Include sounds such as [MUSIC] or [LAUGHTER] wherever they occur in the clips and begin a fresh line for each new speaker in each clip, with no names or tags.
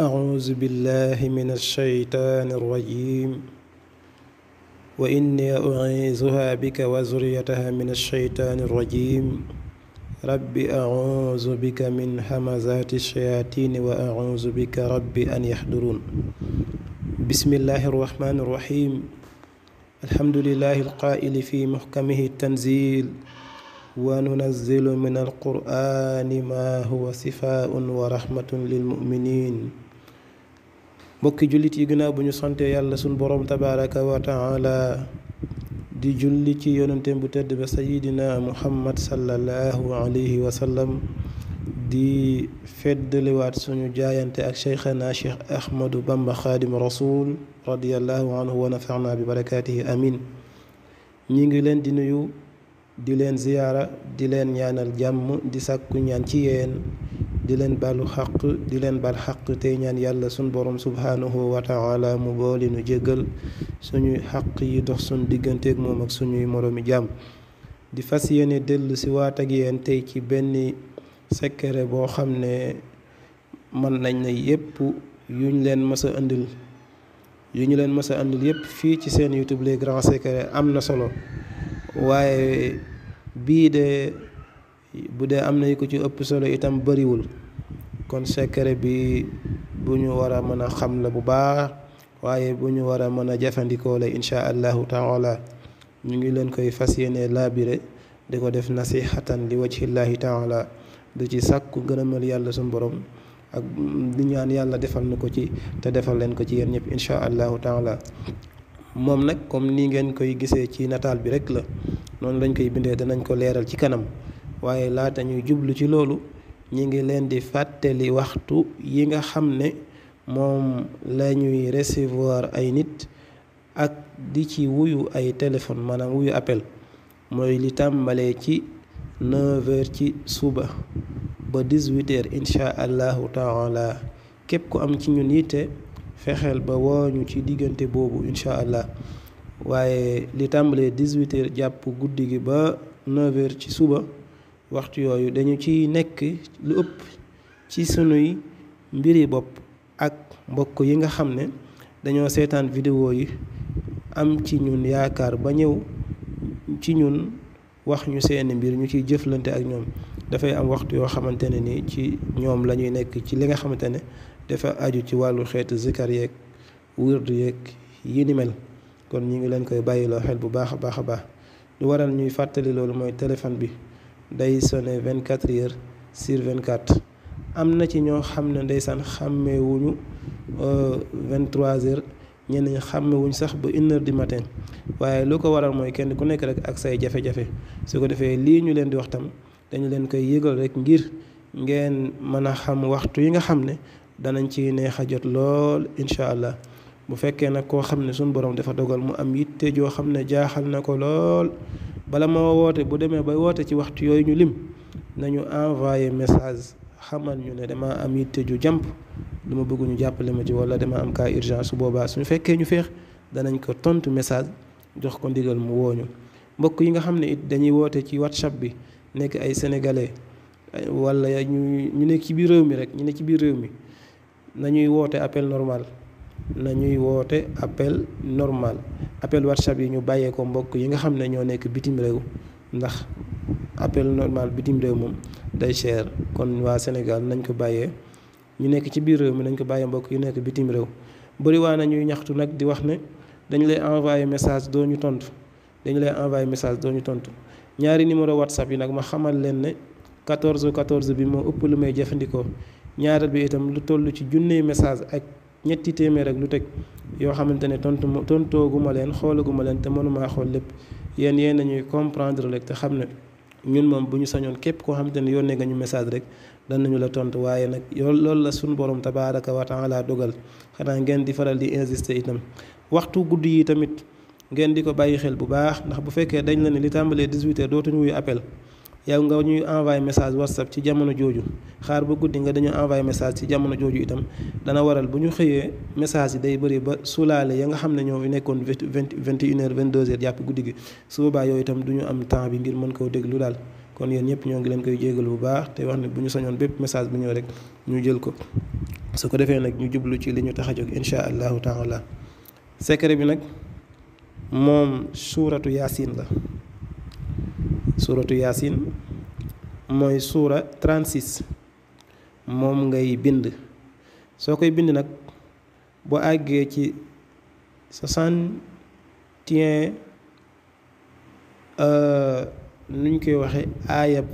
أعوذ بالله من الشيطان الرجيم وإني أعيذها بك وزريتها من الشيطان الرجيم رب أعوذ بك من همزات الشياطين وأعوذ بك رب أن يحضرون بسم الله الرحمن الرحيم الحمد لله القائل في محكمه التنزيل وننزل من القرآن ما هو صفاء ورحمة للمؤمنين بك جلتي يغنى بني سنت يالله سن بروم تبارك وتعالى دي جلتي يونتم بتد بسيدنا محمد صلى الله عليه وسلم دي فدل وات سونو جاينت اك شيخنا شيخ احمد بمبا خادم رسول رضي الله عنه ونفعنا ببركاته امين نيغي لين دي نيو di leen ziyaara di leen ñaanal jàmm di sàkku ñaan ci yéen di leen balu xaq di leen bal xaq tey ñaan yàlla suñ borom subhaanahu wa taala mu boole nu jéggal suñuy xaq yi dox suñ digganteeg moom ak suñuy moroomi jàmm di fas yéene dellu si waat ak yéen tey ci benn secret boo xam ne mën nañ ne yépp yuñ leen mës a indil yu ñu leen mës a indil yépp fii ci seen YouTube les grands secrets am na solo waaye bii de bu dee am na yu ko ci ëpp solo itam bëriwul kon secret bi bu ñu war a mën a xam la bu baax waaye bu ñu war a mën a jëfandikoo taala ñu ngi leen koy fas yéenee laabire def nasihatan li Allah taala du ci sakku gërëmal yàlla sun borom ak di ñaan yàlla defal na ko ci te defal leen ko ci yéen ñëpp incha allahu taala moom nag comme ni ngeen koy gisee ci nataal bi rek la noonu lañ koy bindee danañ ko leeral ci kanam waaye laata ñuy jublu ci loolu ñi ngi leen di fàttali waxtu yi nga xam ne moom la ñuy recevoir ay nit ak di ci wuyu ay téléphone maanaam wuyu appel mooy li tàmbalee ci 9 heures ci suba ba 18 heures incha allahu taala képp ku am ci ñun yitte fexeel ba wooñu ci diggante boobu incha allah waaye li tàmbalee 18 heures jàpp guddi gi ba 9 ci suba waxtu yooyu dañu ciy nekk lu ëpp ci sunuy mbiri bopp ak mbokk yi nga xam ne dañoo seetaan vidéo yi am ci ñun yaakaar ba ñëw ci ñun wax ñu seeni mbir ñu ciy jëflante ak ñoom dafay am waxtu yoo xamante ne ni ci ñoom la ñuy nekk ci li nga xamante ne dafa aju ci wàllu xeetu zikar yeeg wirdu yeeg yi ni mel kon ñu ngi leen koy bàyyiloo xel bu baax a baax a baax lu waral ñuy fàttali loolu mooy téléphone bi day vingt quatre 24 heures vingt 24 am na ci ñoo xam ne ndeysaan xàmmee wuñu 23 euh, heures ñenn ñi xàmme wuñ sax ba une heure matin waaye loo ko waral mooy kenn ku nekk rek ak say jafe-jafe su ko defee lii ñu leen di wax tam dañu leen koy yëgal rek ngir ngeen mën a xam waxtu yi nga xam ne. danañ ci neex a jot lool incha allah bu fekkee nag koo xam ne suñu borom dafa dogal mu am yitte joo xam ne jaaxal na ko lool bala ma woote bu demee ba woote ci waxtu yooyu ñu lim nañu envoyé message xamal ñu ne dama am yitte ju jàmp lu ma bëgg ñu jàppale ma ci wala dama am cas urgence su boobaa suñu fekkee ñu feex danañ ko tontu message jox ko ndigal mu wooñu mbokk yi nga xam ne it dañuy woote ci whatsapp bi nekk ay sénégalais wala ñu ñu nekk ci biir réew mi rek ñu ne ci biir réew mi nañuy woote appel normal nañuy woote appel normal appel whatsapp yi ñu bàyyee ko mbokk yi nga xam ne ñoo nekk bitim réew ndax appel normal bitim réew moom day cher kon waa Sénégal nañ ko bàyyee ñu nekk ci biir réew mi nañ ko bàyyee mbokk yu nekk bitim réew bëri waa na ñuy ñaxtu nag di wax ne dañu lay envoyé message doo ñu tontu dañu lay envoyé message doo ñu tontu ñaari numéro whatsapp yi nag ma xamal leen ne 14 14 bi moo ëpp lu may jëfandikoo ñaareel bi itam lu toll ci junney message ak ñetti téeméer ak lu teg yoo xamante ne tontu tontoogu ma leen xoolaguma leen te mënumaa xool lépp yéen yéen ñuy comprendre rek te xam ne ñun moom bu ñu sañoon képp koo xamante ne yónnee nga ñu message rek danañu la tontu waaye nag loolu la suñu borom tabaaraka wa taala dogal xanaa ngeen di faral di insister itam waxtu guddi yi tamit ngeen di ko bàyyi xel bu baax ndax bu fekkee dañ la ne li tàmbalee 18 heures dootuñu wuyu appel yow nga ñuy envoyé message whatsapp ci jamono jooju xaar ba guddi nga dañu envoyé message ci jamono jooju itam dana waral bu ñu xëyee message yi day bëri ba sulaale ya nga xam ne ñoo nekkoon vingt vingt une heure vingt deux heures jàpp guddi gi su boobaa yooyu itam du ñu am temps bi ngir mën koo déglu daal kon yéen ñëpp ñoo ngi leen koy jégal bu baax te wax ne bu ñu sañoon bépp message bu ñëw rek ñu jël ko su ko defee nag ñu jublu ci li ñu tax a jóg incha allahu taala secret bi nag moom suuratu yaasin la suuratu yaasin mooy suura 36 moom ngay bind soo koy bind nag boo àggee ci soixante et un euh, nuñ koy waxee aayab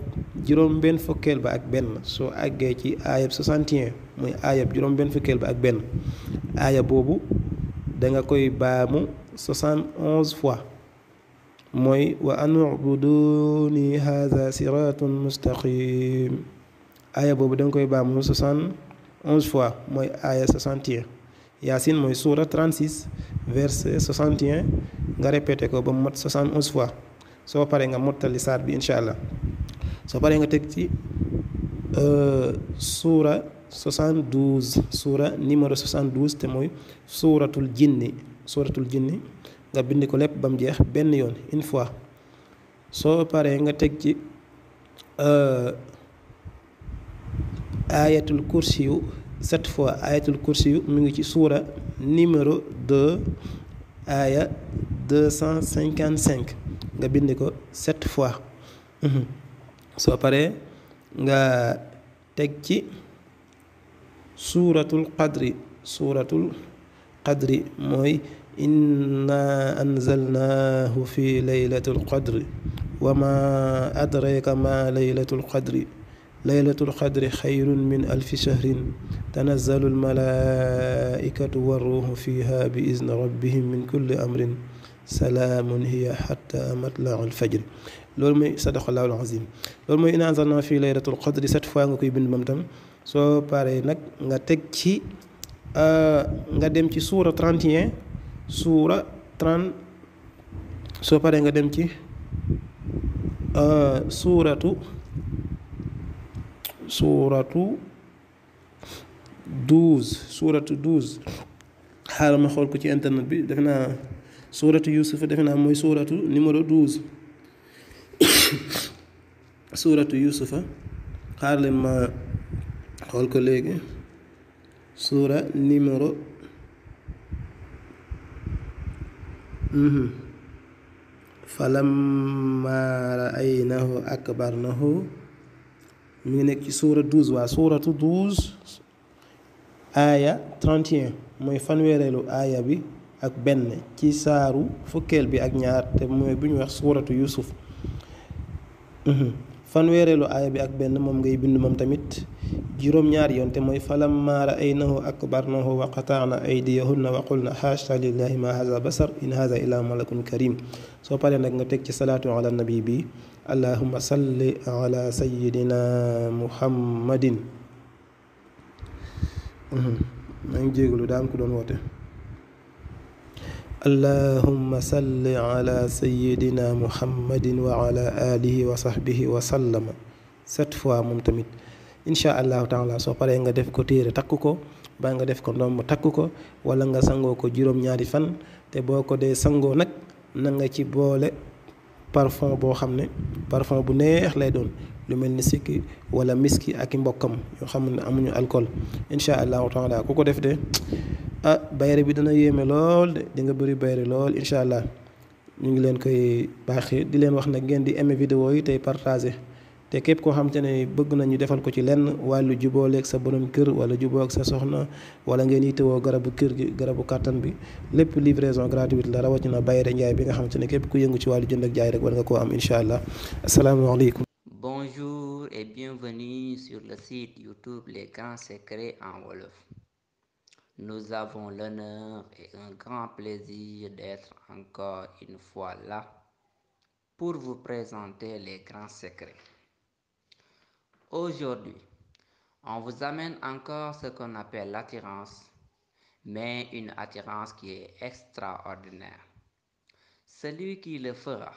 juróom benn fukkeel ba ak benn soo àggee ci aayab 61 muy aayab juróom benn fukkeel ba ak benn aayab boobu da koy baamu 71 fois mooy wa an ubuduni haza siratun mustaqim aaya boobu da nga koy baamu soixante onze fois mooy aaya soixante et un yaasin mooy suura 36 verset 61 nga répété ko ba mu mot soixante onze fois soo paree nga mottali saar bi incha allah soo paree nga teg ci euh, suura 72 suura numéro 72 te mooy suuratul jinni suuratul jinni nga bind ko lépp ba mu jeex benn yoon une fois soo paree nga teg ci euh, ayatul kursi yu fois ayatul kursi mu ngi ci suura numéro 2 aaya 255 nga bind ko sept fois mhm. soo paree nga teg ci suuratul qadri suuratul qadri mooy إنا أنزلناه في ليلة القدر وما أدريك ما ليلة القدر ليلة القدر خير من ألف شهر تنزل الملائكة والروح فيها بإذن ربهم من كل أمر سلام هي حتى مطلع الفجر لول مي صدق الله العظيم لول مي انزلنا في ليله القدر ست فوا غكوي بن مامتام سو باري نك nga tek ci euh nga dem ci sura 31 suura 30 soo paree nga dem ci suuratu suuratu 12 suuratu 12 xaaral ma xool ko ci internet bi defe naa suuratu yusuf defe naa mooy suuratu numéro 12 [COUGHS] suuratu yusuf xaaral ma xool ko léegi suura numéro Mm-hmm. falamma raaynahu akbarnahu mi ngi nekk ci suura 12 waa suuratu 12 aaya mooy fanweereelu aaya bi ak benn ci saaru fukkeel bi ak ñaar te mooy bu ñu wax suuratu yusuf mm-hmm. fanweereelu aaya bi ak benn moom ngay bind moom tamit juróom-ñaar yoon te mooy falammaa ra'aynahu akbarnahu wa qata'na aydiyahunna wa qulna haasha lillahi ma haza basar in haza illa malakun karim soo paree nag nga teg ci salaatu ala nabi bi allahumma salli ala sayyidina muhammadin maa ngi jégalu daa am ku doon woote اللهم صل على سيدنا محمد وعلى آله وصحبه وسلم ست fois moom tamit incha allahu taala soo paree nga def ko téere takk ko baa nga def ko ndomb takk ko wala nga sangoo ko juróom-ñaari fan te boo ko dee sangoo nag na nga ci boole parfum boo xam ne parfum bu neex lay doon lu mel ni sikki wala miski ak mbokkam yoo xam ne amuñu alcool incha allahu taala ku ko def de ah bayre bi dana yéeme lool de di nga bëri bayre lool incha allah ñu ngi leen koy baaxee di leen wax nag ngeen di aimer vidéo yi tey partager te képp koo xamante ne bëgg nañu defal ko ci lenn wàllu jubooleeg sa borom kër wala juboo ak sa soxna wala ngeen yittewoo garabu kër gi garabu kàttan bi lépp livraison gratuite la rawatina Bayero Ndiaye bi nga xamante ne képp ku yëngu ci wàllu jënd ak jaay rek war nga koo am incha allah asalaamaaleykum.
Bonjour et bienvenue sur le site YouTube Les Grands Secrets en Wolof. Nous avons l'honneur et un grand plaisir d'être encore une fois là pour vous présenter les grands secrets. Aujourd'hui, on vous amène encore ce qu'on appelle l'attirance, mais une attirance qui est extraordinaire. Celui qui le fera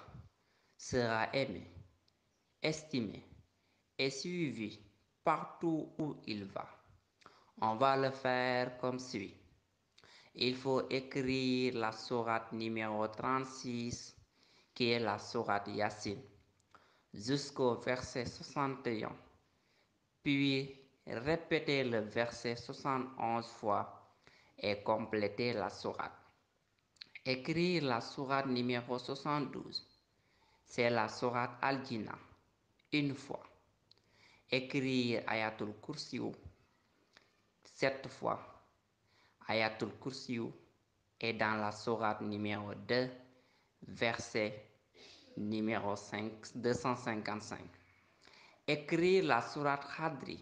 sera aimé, estimé et suivi partout où il va. On va le faire comme suit. Il faut écrire la sourate numéro 36, qui est la sourate Yassine, jusqu'au verset 61 puis répétez le verset 71 fois et complétez la sourate. Écrire la sourate numéro 72, c'est la sourate Al-Jina, une fois. Écrire Ayatul Kursiou, sept fois. Ayatul Kursiou est dans la sourate numéro 2, verset numéro 5, 255 écrire la sourate Khadri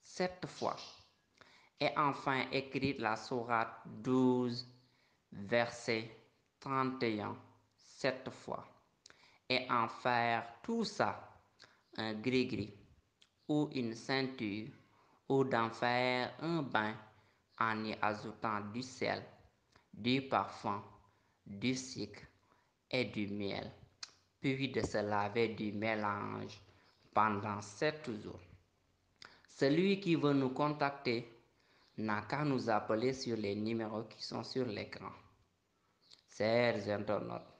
sept fois et enfin écrire la sourate 12 verset 31 sept fois et en faire tout ça un gris-gris ou une ceinture ou d'en faire un bain en y ajoutant du sel, du parfum, du sucre et du miel, puis de se laver du mélange pendant sept jours. Celui qui veut nous contacter n'a qu'à nous appeler sur les numéros qui sont sur l'écran. Chers internautes,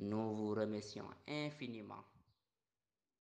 nous vous remercions infiniment